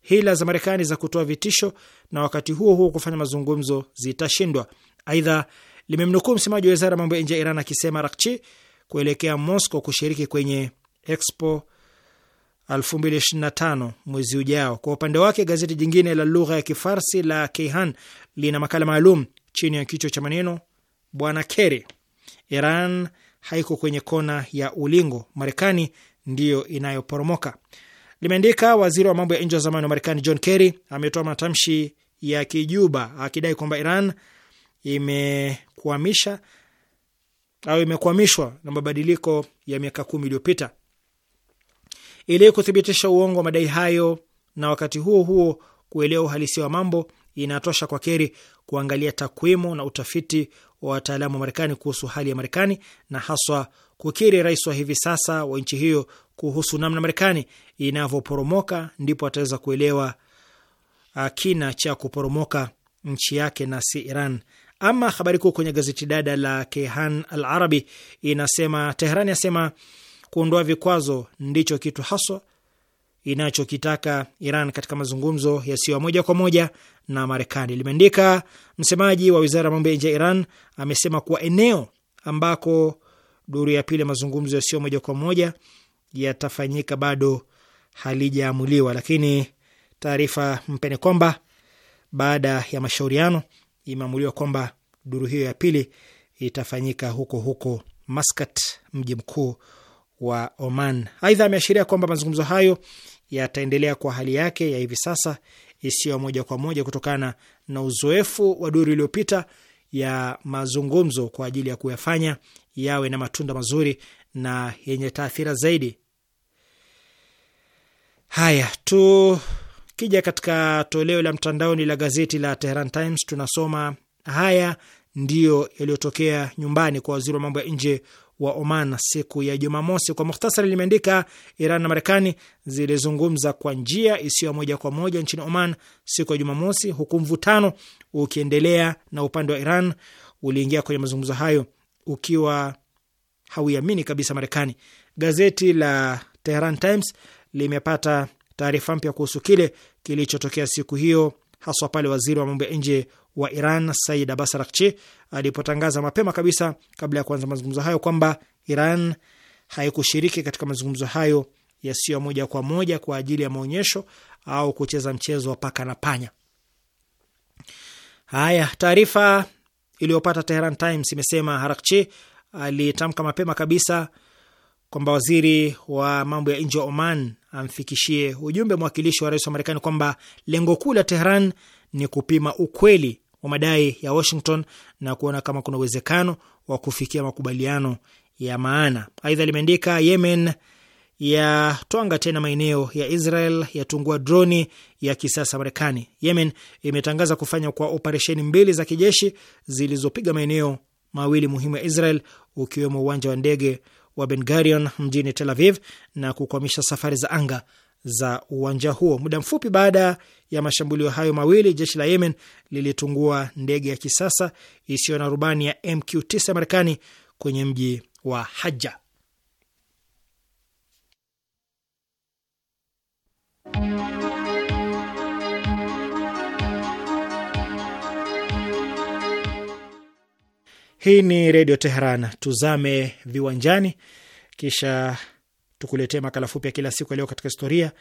C: hila za Marekani za kutoa vitisho na wakati huo huo kufanya mazungumzo zitashindwa. Aidha, limemnukuu msemaji wa wizara ya mambo ya nje ya Iran akisema Rakchi kuelekea Moscow kushiriki kwenye Expo 2025 mwezi ujao. Kwa upande wake, gazeti jingine la lugha ya Kifarsi la Keihan lina makala maalum chini ya kichwa cha maneno Bwana Kerry, Iran haiko kwenye kona ya ulingo, Marekani ndiyo inayoporomoka limeandika waziri wa mambo ya nje wa zamani wa Marekani John Kerry ametoa matamshi ya kijuba akidai kwamba Iran imekwamisha au imekwamishwa na mabadiliko ya miaka kumi iliyopita. Ili kuthibitisha uongo wa madai hayo na wakati huo huo kuelewa uhalisia wa mambo, inatosha kwa Keri kuangalia takwimu na utafiti wa wataalamu wa Marekani kuhusu hali ya Marekani na haswa kukiri rais wa hivi sasa wa nchi hiyo kuhusu namna Marekani inavyoporomoka, ndipo ataweza kuelewa uh, kina cha kuporomoka nchi yake na si Iran. Ama habari kuu kwenye gazeti dada la Kehan Al Arabi inasema Teherani asema kuondoa vikwazo ndicho kitu haswa inachokitaka Iran katika mazungumzo yasiyo ya moja kwa moja na Marekani. Limeandika msemaji wa wizara ya mambo ya nje ya Iran amesema kuwa eneo ambako duru ya pili ya mazungumzo yasiyo moja kwa moja yatafanyika bado halijaamuliwa, lakini taarifa mpeni kwamba baada ya mashauriano imeamuliwa kwamba duru hiyo ya pili itafanyika huko huko Maskat, mji mkuu wa Oman. Aidha, ameashiria kwamba mazungumzo hayo yataendelea kwa hali yake ya hivi sasa isiyo moja kwa moja kutokana na uzoefu wa duru iliyopita ya mazungumzo kwa ajili ya kuyafanya yawe na matunda mazuri na yenye taathira zaidi. Haya, tukija katika toleo la mtandaoni la gazeti la Tehran Times tunasoma haya ndiyo yaliyotokea nyumbani kwa waziri wa mambo ya nje wa Oman siku ya Jumamosi. Kwa muhtasari, limeandika Iran na Marekani zilizungumza kwa njia isiyo moja kwa moja nchini Oman siku ya Jumamosi, huku mvutano ukiendelea na upande wa Iran uliingia kwenye mazungumzo hayo ukiwa hauiamini kabisa Marekani. Gazeti la Tehran Times limepata taarifa mpya kuhusu kile kilichotokea siku hiyo, haswa pale waziri wa mambo ya nje wa Iran Said Abbas Araghchi alipotangaza mapema kabisa kabla ya kuanza mazungumzo hayo kwamba Iran haikushiriki katika mazungumzo hayo yasiyo moja kwa moja kwa ajili ya maonyesho au kucheza mchezo wa paka na panya. Haya, taarifa iliyopata Teheran Times imesema Harakchi alitamka mapema kabisa kwamba waziri wa mambo ya nje wa Oman amfikishie ujumbe mwakilishi wa rais wa Marekani kwamba lengo kuu la Teheran ni kupima ukweli wa madai ya Washington na kuona kama kuna uwezekano wa kufikia makubaliano ya maana. Aidha limeandika Yemen yatwanga tena maeneo ya Israel, yatungua droni ya kisasa Marekani. Yemen imetangaza kufanya kwa operesheni mbili za kijeshi zilizopiga maeneo mawili muhimu ya Israel, ukiwemo uwanja wa ndege wa Ben Gurion mjini Tel Aviv na kukwamisha safari za anga za uwanja huo. Muda mfupi baada ya mashambulio hayo mawili, jeshi la Yemen lilitungua ndege ya kisasa isiyo na rubani ya MQ9 Marekani kwenye mji wa Haja. Hii ni Redio Teheran. Tuzame viwanjani, kisha tukuletee makala fupi ya kila siku yaliyo katika historia,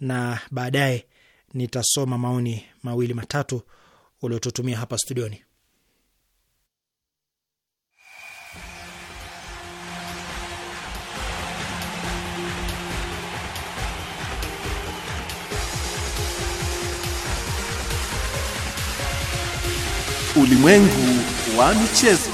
C: na baadaye nitasoma maoni mawili matatu uliotutumia hapa studioni.
E: Ulimwengu wa michezo.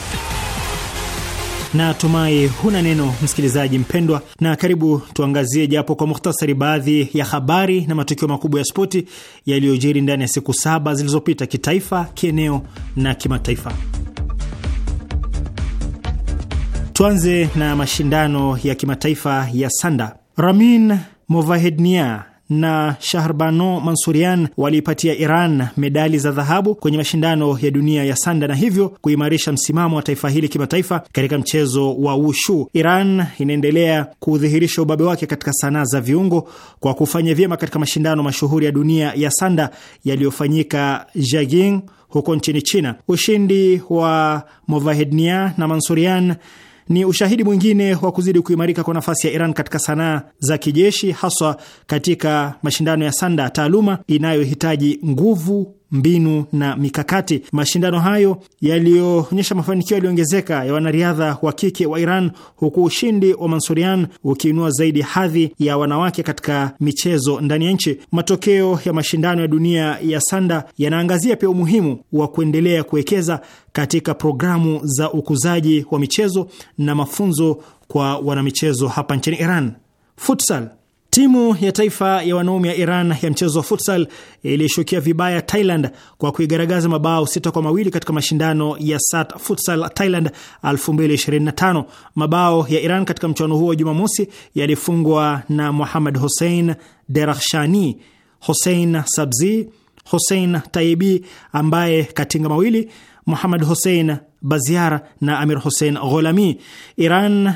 C: Na tumai huna neno, msikilizaji mpendwa, na karibu tuangazie japo kwa muhtasari baadhi ya habari na matukio makubwa ya spoti yaliyojiri ndani ya siku saba zilizopita, kitaifa, kieneo na kimataifa. Tuanze na mashindano ya kimataifa ya sanda. Ramin Movahednia na Shahrbano Mansurian waliipatia Iran medali za dhahabu kwenye mashindano ya dunia ya sanda na hivyo kuimarisha msimamo wa taifa hili kimataifa katika mchezo wa wushu. Iran inaendelea kudhihirisha ubabe wake katika sanaa za viungo kwa kufanya vyema katika mashindano mashuhuri ya dunia ya sanda yaliyofanyika jaging huko nchini China. Ushindi wa Movahednia na Mansurian ni ushahidi mwingine wa kuzidi kuimarika kwa nafasi ya Iran katika sanaa za kijeshi, haswa katika mashindano ya sanda, taaluma inayohitaji nguvu mbinu na mikakati. Mashindano hayo yaliyoonyesha mafanikio yaliyoongezeka ya wanariadha wa kike wa Iran, huku ushindi wa Mansurian ukiinua zaidi hadhi ya wanawake katika michezo ndani ya nchi. Matokeo ya mashindano ya dunia ya sanda yanaangazia pia umuhimu wa kuendelea kuwekeza katika programu za ukuzaji wa michezo na mafunzo kwa wanamichezo hapa nchini Iran. Futsal Timu ya taifa ya wanaume ya Iran ya mchezo wa futsal ilishukia vibaya Thailand kwa kuigaragaza mabao sita kwa mawili katika mashindano ya SAT Futsal Thailand 2025. Mabao ya Iran katika mchuano huo wa Jumamosi yalifungwa na Muhammad Hussein Derakhshani, Hussein Sabzi, Hussein Taibi ambaye katinga mawili, Muhammad Hussein Baziar na Amir Hussein Gholami. Iran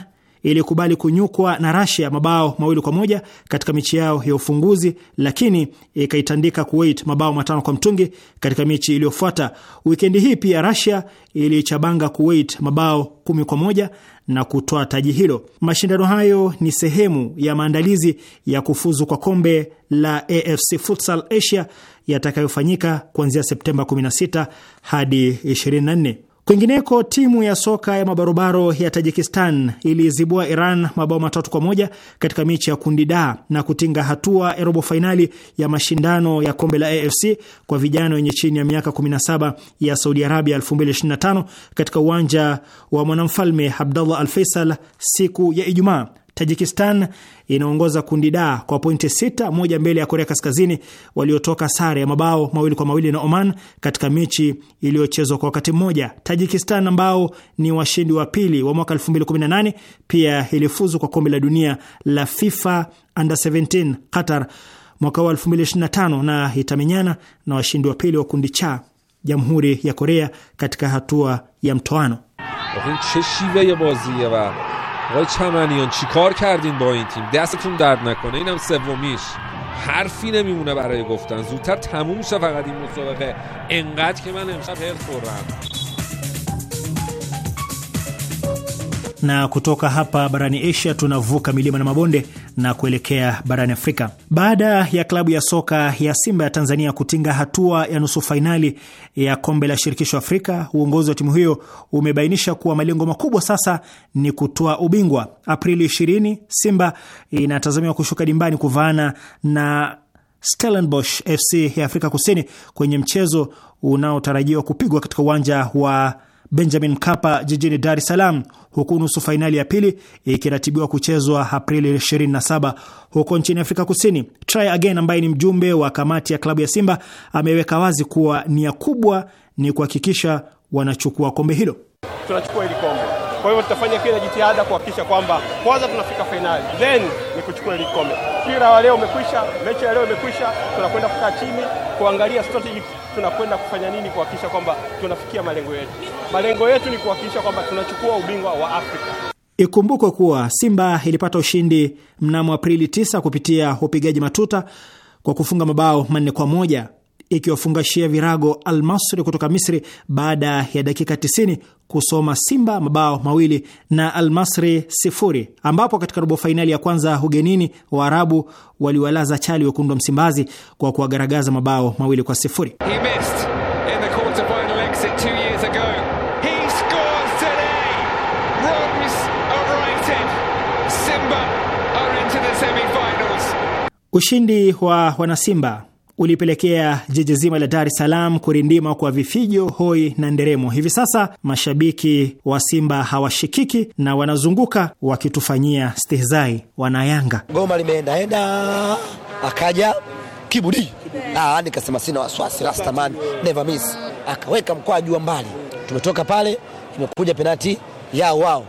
C: ilikubali kunyukwa na Rasia mabao mawili kwa moja katika mechi yao ya ufunguzi, lakini ikaitandika Kuwait mabao matano kwa mtungi katika mechi iliyofuata. Wikendi hii pia Rasia ilichabanga Kuwait mabao kumi kwa moja na kutoa taji hilo. Mashindano hayo ni sehemu ya maandalizi ya kufuzu kwa kombe la AFC Futsal Asia yatakayofanyika kuanzia Septemba 16 hadi 24. Kwingineko, timu ya soka ya mabarobaro ya Tajikistan ilizibua Iran mabao matatu kwa moja katika mechi ya kundi da na kutinga hatua ya robo fainali ya mashindano ya kombe la AFC kwa vijana wenye chini ya miaka 17 ya Saudi Arabia 2025 katika uwanja wa Mwanamfalme Abdallah Al Faisal siku ya Ijumaa. Tajikistan inaongoza kundi da kwa pointi sita moja mbele ya Korea Kaskazini waliotoka sare ya mabao mawili kwa mawili na Oman katika mechi iliyochezwa kwa wakati mmoja. Tajikistan ambao ni washindi wa pili wa mwaka 2018 pia ilifuzu kwa kombe la dunia la FIFA under 17 Qatar mwaka wa 2025 na itamenyana na washindi wa pili wa kundi cha Jamhuri ya Korea katika hatua ya mtoano.
B: آقای چمنیان چیکار کردین با این تیم دستتون درد نکنه اینم سومیش حرفی نمیمونه برای گفتن زودتر تموم شه فقط این مسابقه انقدر که من امشب هر خورم
C: na kutoka hapa barani Asia tunavuka milima na mabonde na kuelekea barani Afrika. Baada ya klabu ya soka ya Simba ya Tanzania kutinga hatua ya nusu fainali ya kombe la shirikisho Afrika, uongozi wa timu hiyo umebainisha kuwa malengo makubwa sasa ni kutoa ubingwa. Aprili 20 Simba inatazamiwa kushuka dimbani kuvaana na Stellenbosch FC ya Afrika Kusini kwenye mchezo unaotarajiwa kupigwa katika uwanja wa Benjamin Mkapa jijini Dar es Salaam, huku nusu fainali ya pili ikiratibiwa kuchezwa Aprili 27 huko nchini Afrika Kusini. Try Again, ambaye ni mjumbe wa kamati ya klabu ya Simba, ameweka wazi kuwa nia kubwa ni kuhakikisha wanachukua kombe hilo.
E: Tunachukua hili kombe kwa hivyo tutafanya kila jitihada kuhakikisha kwamba kwanza tunafika fainali, then ni kuchukua ile kombe. Mpira wa leo umekwisha, mechi ya leo imekwisha, tunakwenda kukaa chini kuangalia strategy, tunakwenda kufanya nini kuhakikisha kwamba tunafikia malengo yetu. Malengo yetu ni kuhakikisha kwamba tunachukua ubingwa wa Afrika.
C: Ikumbukwe kuwa Simba ilipata ushindi mnamo Aprili 9 kupitia upigaji matuta kwa kufunga mabao manne kwa moja ikiwafungashia virago Al kutoka Misri baada ya dakika 90 kusoma Simba mabao mawili na Al Masry sifuri, ambapo katika robo fainali ya kwanza ugenini wa arabu waliwalaza chali wekundu wa Msimbazi kwa kuwagaragaza mabao mawili kwa sifuri. Ushindi wa wanasimba ulipelekea jiji zima la Dar es Salaam kurindima kwa vifijo, hoi na nderemo. Hivi sasa mashabiki wa Simba hawashikiki na wanazunguka wakitufanyia stihzai, wanayanga. Goma limeendaenda, akaja kibudi, eh. ah, nikasema sina wasiwasi, rastaman never miss, akaweka mkwaju jua mbali, tumetoka pale, imekuja penati yao wao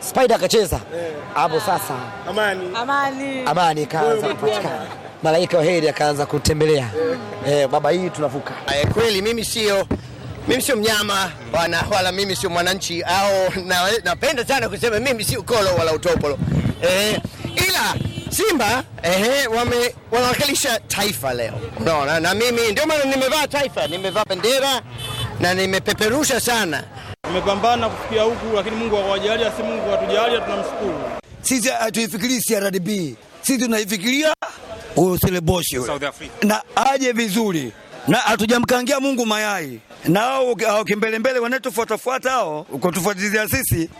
C: Spider akacheza eh. hapo, sasa
F: amani, amani, amani ikaanza kupatikana
C: malaika wa heri akaanza kutembelea eh, eh baba, hii tunavuka eh, kweli. Mimi sio mimi sio mnyama
B: bwana wala mimi sio mwananchi au napenda na sana kusema mimi sio kolo wala utopolo eh, ila Simba eh, wame wanawakilisha taifa
E: leo,
C: unaona, na mimi ndio maana nimevaa taifa, nimevaa bendera na nimepeperusha sana, tumepambana kufikia huku, lakini Mungu akawajalia, si Mungu atujalia, tunamshukuru
D: sisi. Hatuifikirii CRDB sisi tunaifikiria usileboshe na aje vizuri na hatujamkangia Mungu mayai na au kimbelembele wanatufuatafuata hao kutufuatilizia sisi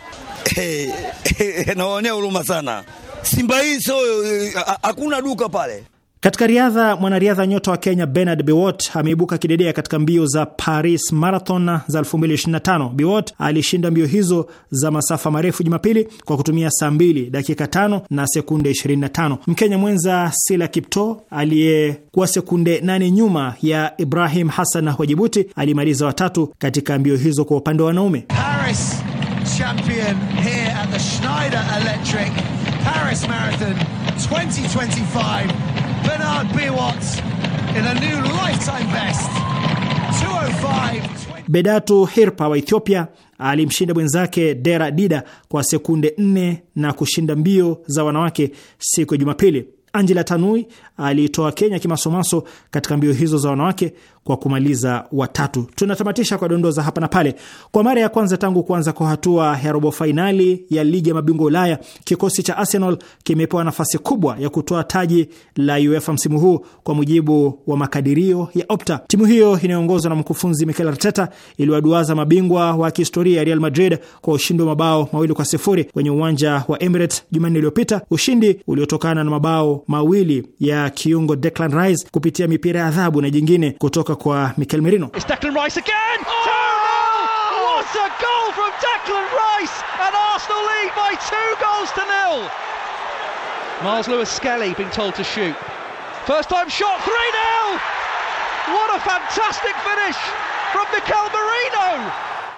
D: nawaonea huruma
C: sana. Simba hii oh, sio eh, hakuna duka pale. Katika riadha, mwanariadha nyota wa Kenya Bernard Biwot ameibuka kidedea katika mbio za Paris Marathon za 2025. Biwot alishinda mbio hizo za masafa marefu Jumapili kwa kutumia saa 2 dakika 5 na sekunde 25. Mkenya mwenza Sila Kipto aliyekuwa sekunde 8 nyuma ya Ibrahim Hassan wa Jibuti alimaliza watatu katika mbio hizo kwa upande wa wanaume.
G: Paris champion here at the Schneider Electric Paris Marathon 2025. Bernard Biwat in a new lifetime best 205.
C: Bedatu Hirpa wa Ethiopia alimshinda mwenzake Dera Dida kwa sekunde nne na kushinda mbio za wanawake siku ya Jumapili. Angela Tanui aliitoa Kenya kimasomaso katika mbio hizo za wanawake kwa kumaliza watatu. Tunatamatisha kwa dondoo za hapa na pale. Kwa mara ya kwanza tangu kuanza kwa hatua ya robo fainali ya ligi ya mabingwa Ulaya, kikosi cha Arsenal kimepewa nafasi kubwa ya kutoa taji la UEFA msimu huu kwa mujibu wa makadirio ya Opta. Timu hiyo inayoongozwa na mkufunzi Mikel Arteta iliwaduaza mabingwa wa kihistoria ya Real Madrid kwa ushindi wa mabao mawili kwa sifuri kwenye uwanja wa Emirates Jumanne iliyopita, ushindi uliotokana na mabao mawili ya kiungo Declan Rice kupitia mipira ya adhabu na jingine kutoka kwa Mikel Merino.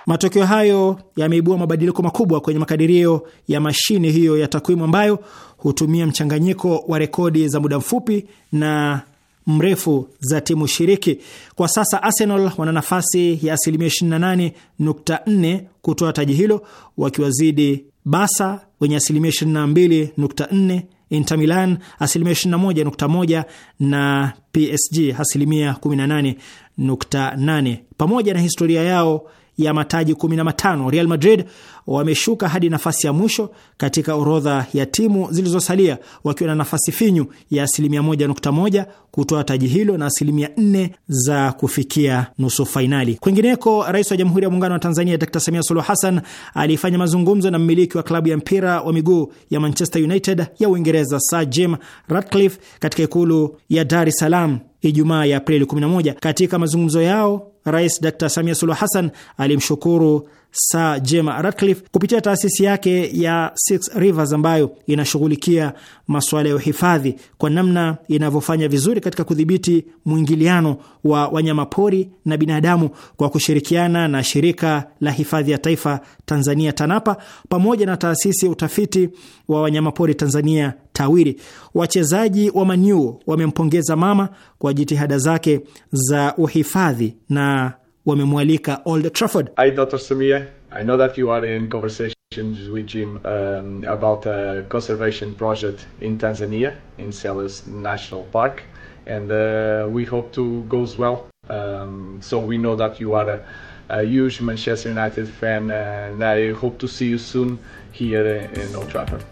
C: Matokeo hayo yameibua mabadiliko makubwa kwenye makadirio ya mashine hiyo ya takwimu ambayo hutumia mchanganyiko wa rekodi za muda mfupi na mrefu za timu shiriki. Kwa sasa Arsenal wana nafasi ya asilimia 28.4 kutoa taji hilo wakiwazidi Barca wenye asilimia 22.4, Inter Milan asilimia 21.1 na PSG asilimia 18.8. Pamoja na historia yao ya mataji 15. Real Madrid wameshuka hadi nafasi ya mwisho katika orodha ya timu zilizosalia wakiwa na nafasi finyu ya asilimia 1.1 kutoa taji hilo na asilimia 4 za kufikia nusu fainali. Kwingineko, rais wa Jamhuri ya Muungano wa Tanzania Dr Samia Suluhu Hassan alifanya mazungumzo na mmiliki wa klabu ya mpira wa miguu ya Manchester United ya Uingereza Sir Jim Ratcliffe katika ikulu ya Dar es Salaam Ijumaa ya Aprili 11. Katika mazungumzo yao, Rais Dr Samia Suluhu Hassan alimshukuru Sir Ratcliffe kupitia taasisi yake ya Six Rivers ambayo inashughulikia masuala ya uhifadhi kwa namna inavyofanya vizuri katika kudhibiti mwingiliano wa wanyamapori na binadamu kwa kushirikiana na shirika la hifadhi ya taifa Tanzania TANAPA pamoja na taasisi ya utafiti wa wanyamapori Tanzania TAWIRI. Wachezaji wa Maniu wamempongeza mama kwa jitihada zake za uhifadhi na wamemwalika Old Trafford. Hi
B: Dr. Samia, I know that you are in conversation with Jim um, about a conservation project in Tanzania, in Selous National Park, and uh, we hope to goes well. Um, so we know that you are a, a huge Manchester United fan, and I hope to see you soon here uh, in Old Trafford.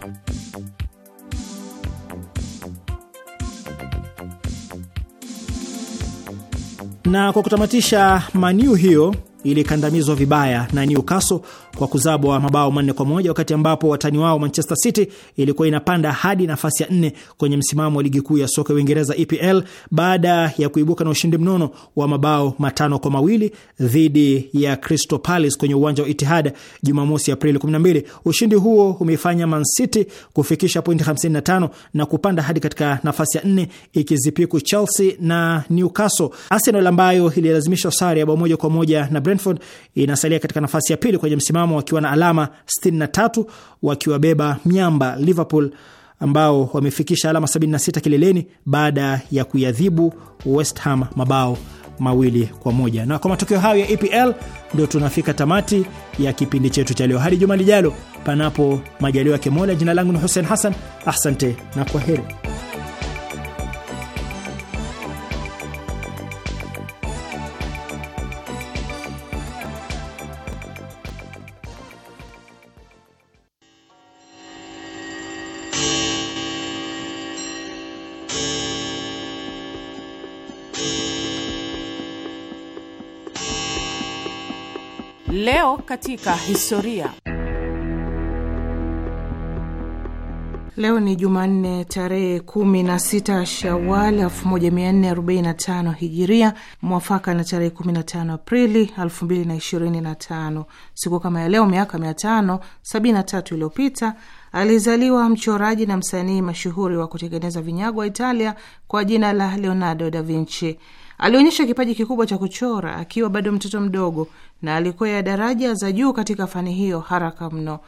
C: Na kwa kutamatisha, Manu hiyo ilikandamizwa vibaya na Newcastle kwa kuzabwa mabao manne kwa moja wakati ambapo watani wao Manchester City ilikuwa inapanda hadi nafasi ya nne kwenye msimamo wa ligi kuu ya soka ya Uingereza EPL baada ya kuibuka na ushindi mnono wa mabao matano kwa mawili dhidi ya Crystal Palace kwenye uwanja wa Itihad Jumamosi Aprili 12. Ushindi huo umeifanya Man City kufikisha pointi 55 na kupanda hadi katika nafasi ya nne ikizipiku Chelsea na Newcastle. Arsenal ambayo ililazimisha sare ya bao moja kwa moja na Brentford inasalia katika nafasi ya pili kwenye msimamo Tottenham wakiwa na alama 63 wakiwabeba miamba Liverpool ambao wamefikisha alama 76 kileleni baada ya kuiadhibu West Ham mabao mawili kwa moja. Na kwa matokeo hayo ya EPL ndio tunafika tamati ya kipindi chetu cha leo. Hadi juma lijalo, panapo majaliwa ya Jina langu ni Hussein Hassan, asante na kwa heri.
F: katika historia. Leo ni Jumanne tarehe 16 Shawal 1445 Hijiria, mwafaka na tarehe 15 Aprili 2025. Siku kama ya leo miaka 573 iliyopita alizaliwa mchoraji na msanii mashuhuri wa kutengeneza vinyago wa Italia kwa jina la Leonardo da Vinci. Alionyesha kipaji kikubwa cha kuchora akiwa bado mtoto mdogo na alikuwa ya daraja za juu katika fani hiyo haraka mno.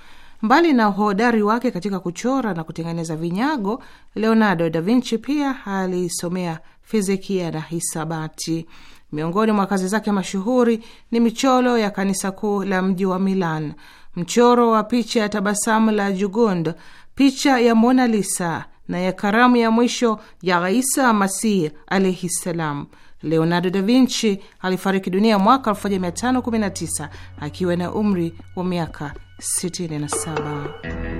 F: Mbali na uhodari wake katika kuchora na kutengeneza vinyago, Leonardo da Vinci pia alisomea fizikia na hisabati. Miongoni mwa kazi zake mashuhuri ni michoro ya kanisa kuu la mji wa Milan, mchoro wa picha ya tabasamu la Jugund, picha ya Mona Lisa na ya karamu ya mwisho ya Isa Masih alaihi ssalam. Leonardo da Vinci alifariki dunia mwaka 1519 akiwa na umri wa miaka 67.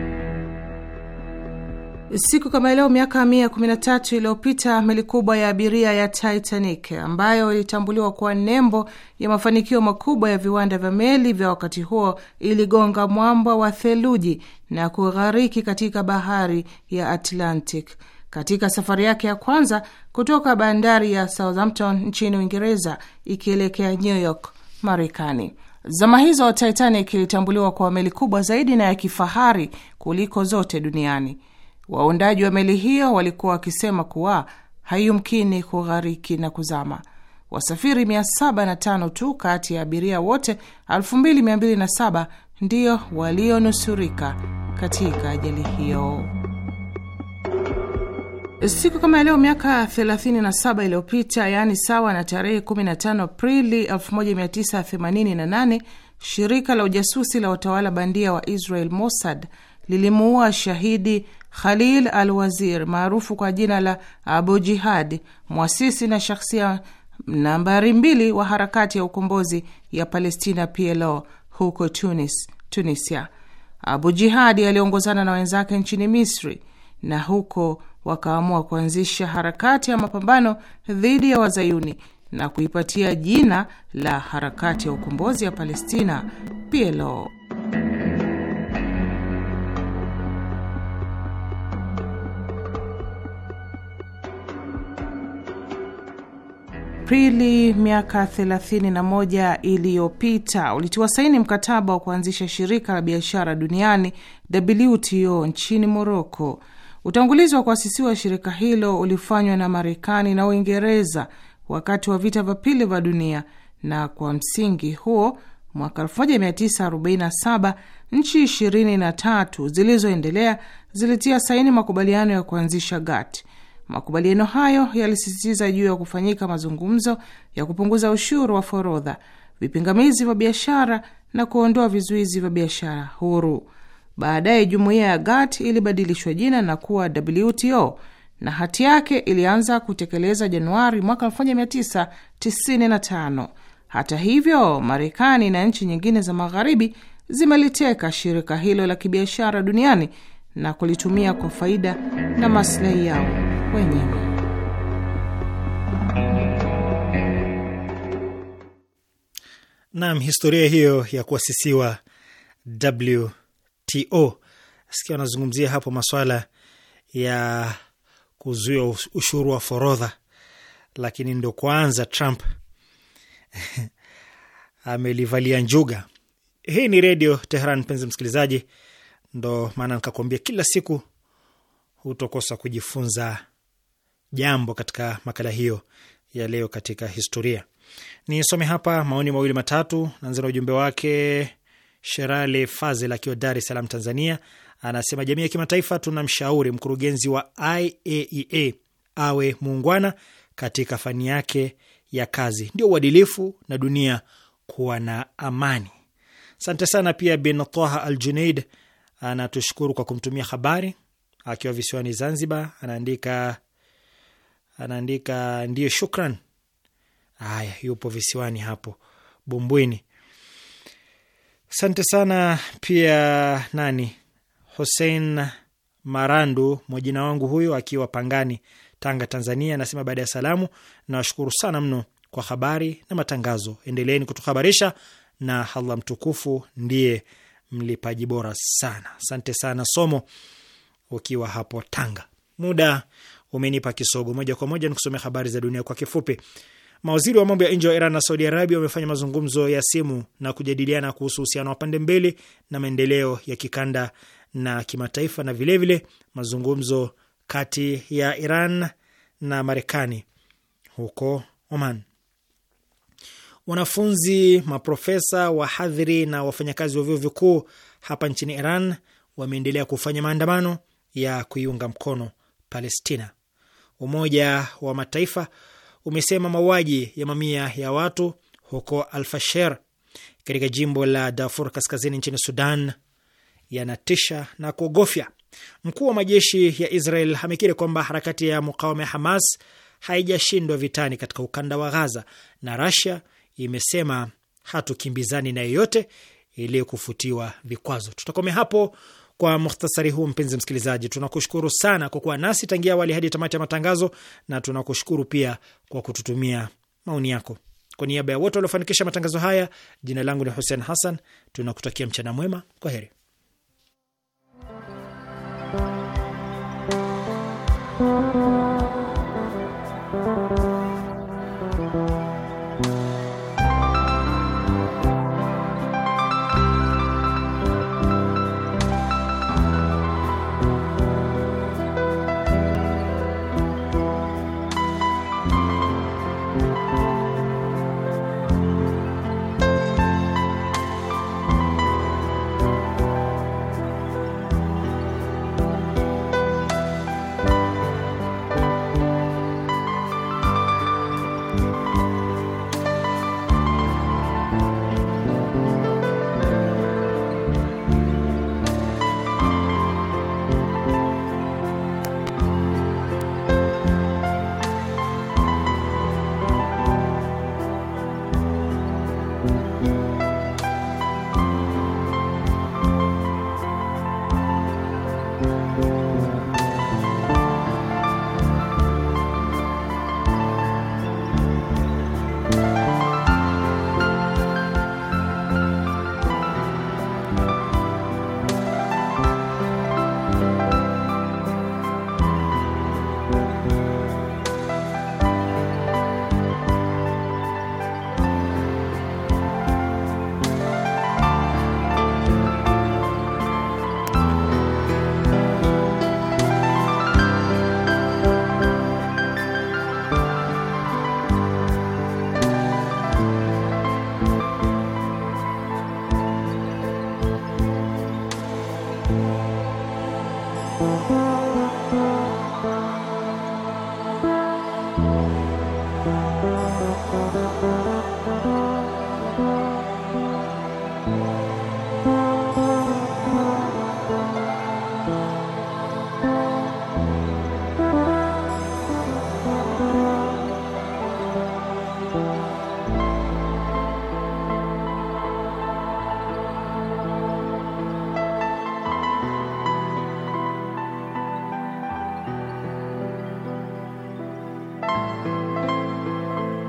F: Siku kama leo miaka mia kumi na tatu iliyopita meli kubwa ya abiria ya Titanic ambayo ilitambuliwa kuwa nembo ya mafanikio makubwa ya viwanda vya meli vya wakati huo iligonga mwamba wa theluji na kughariki katika bahari ya Atlantic katika safari yake ya kwanza kutoka bandari ya Southampton nchini Uingereza ikielekea New York, Marekani. Zama hizo Titanic ilitambuliwa kwa meli kubwa zaidi na ya kifahari kuliko zote duniani. Waundaji wa meli hiyo walikuwa wakisema kuwa haiyumkini kughariki na kuzama. Wasafiri 705 tu kati ya abiria wote 2207 ndio walionusurika katika ajali hiyo. Siku kama ya leo miaka 37 iliyopita, yaani sawa na tarehe 15 Aprili 1988, shirika la ujasusi la utawala bandia wa Israel Mossad lilimuua shahidi Khalil al-Wazir maarufu kwa jina la Abu Jihad, mwasisi na shakhsia nambari mbili wa harakati ya ukombozi ya Palestina PLO huko Tunis, Tunisia. Abu Jihadi aliongozana na wenzake nchini Misri na huko wakaamua kuanzisha harakati ya mapambano dhidi ya wazayuni na kuipatia jina la harakati ya ukombozi ya Palestina, PLO. Aprili miaka 31 iliyopita ulitiwa saini mkataba wa kuanzisha shirika la biashara duniani WTO nchini Moroko. Utangulizi wa kuasisiwa shirika hilo ulifanywa na Marekani na Uingereza wakati wa vita vya pili vya dunia, na kwa msingi huo mwaka 1947 nchi 23 zilizoendelea zilitia saini makubaliano ya kuanzisha GATT. Makubaliano hayo yalisisitiza juu ya kufanyika mazungumzo ya kupunguza ushuru wa forodha, vipingamizi vya biashara na kuondoa vizuizi vya biashara huru. Baadaye jumuiya ya GATT ilibadilishwa jina na kuwa WTO na hati yake ilianza kutekeleza Januari mwaka 1995. Hata hivyo, Marekani na nchi nyingine za magharibi zimeliteka shirika hilo la kibiashara duniani na kulitumia kwa faida na maslahi yao wenyewe.
C: Naam, historia hiyo ya kuasisiwa WTO. Sikia wanazungumzia hapo maswala ya kuzuia ushuru wa forodha, lakini ndo kwanza Trump *laughs* amelivalia njuga. Hii ni Redio Teheran, mpenzi msikilizaji, ndo maana nikakuambia kila siku hutokosa kujifunza jambo katika makala hiyo ya leo katika historia. Nisome hapa maoni mawili matatu, naanza na ujumbe wake Sherale Fazel akiwa Dar es Salaam, Tanzania, anasema jamii ya kimataifa, tunamshauri mkurugenzi wa IAEA e awe muungwana katika fani yake ya kazi, ndio uadilifu na dunia kuwa na amani. Asante sana. Pia Bin Taha Al Junaid anatushukuru kwa kumtumia habari akiwa visiwani Zanzibar, anaandika anaandika, ndiyo shukran. Haya, yupo visiwani hapo Bumbwini. Asante sana pia nani, Hussein Marandu mwajina wangu huyo akiwa Pangani, Tanga, Tanzania, anasema baada ya salamu, nawashukuru sana mno kwa habari na matangazo. Endeleeni kutuhabarisha na Allah mtukufu ndiye mlipaji bora sana. Asante sana Somo, ukiwa hapo Tanga. Muda umenipa kisogo, moja kwa moja nikusomea habari za dunia kwa kifupi. Mawaziri wa mambo ya nje wa Iran na Saudi Arabia wamefanya mazungumzo ya simu na kujadiliana kuhusu uhusiano wa pande mbili na maendeleo ya kikanda na kimataifa, na vilevile vile mazungumzo kati ya Iran na Marekani huko Oman. Wanafunzi, maprofesa, wahadhiri na wafanyakazi wa vyuo vikuu hapa nchini Iran wameendelea kufanya maandamano ya kuiunga mkono Palestina. Umoja wa Mataifa umesema mauaji ya mamia ya watu huko Alfasher katika jimbo la Darfur kaskazini nchini Sudan yanatisha na kuogofya. Mkuu wa majeshi ya Israel amekiri kwamba harakati ya mukawama ya Hamas haijashindwa vitani katika ukanda wa Ghaza, na Rasia imesema hatukimbizani na yeyote ili kufutiwa vikwazo. Tutakomea hapo kwa muhtasari huu, mpenzi msikilizaji, tunakushukuru sana kwa kuwa nasi tangia awali hadi tamati ya matangazo, na tunakushukuru pia kwa kututumia maoni yako. Kwa niaba ya wote waliofanikisha matangazo haya, jina langu ni Hussein Hassan. Tunakutakia mchana mwema. Kwa heri.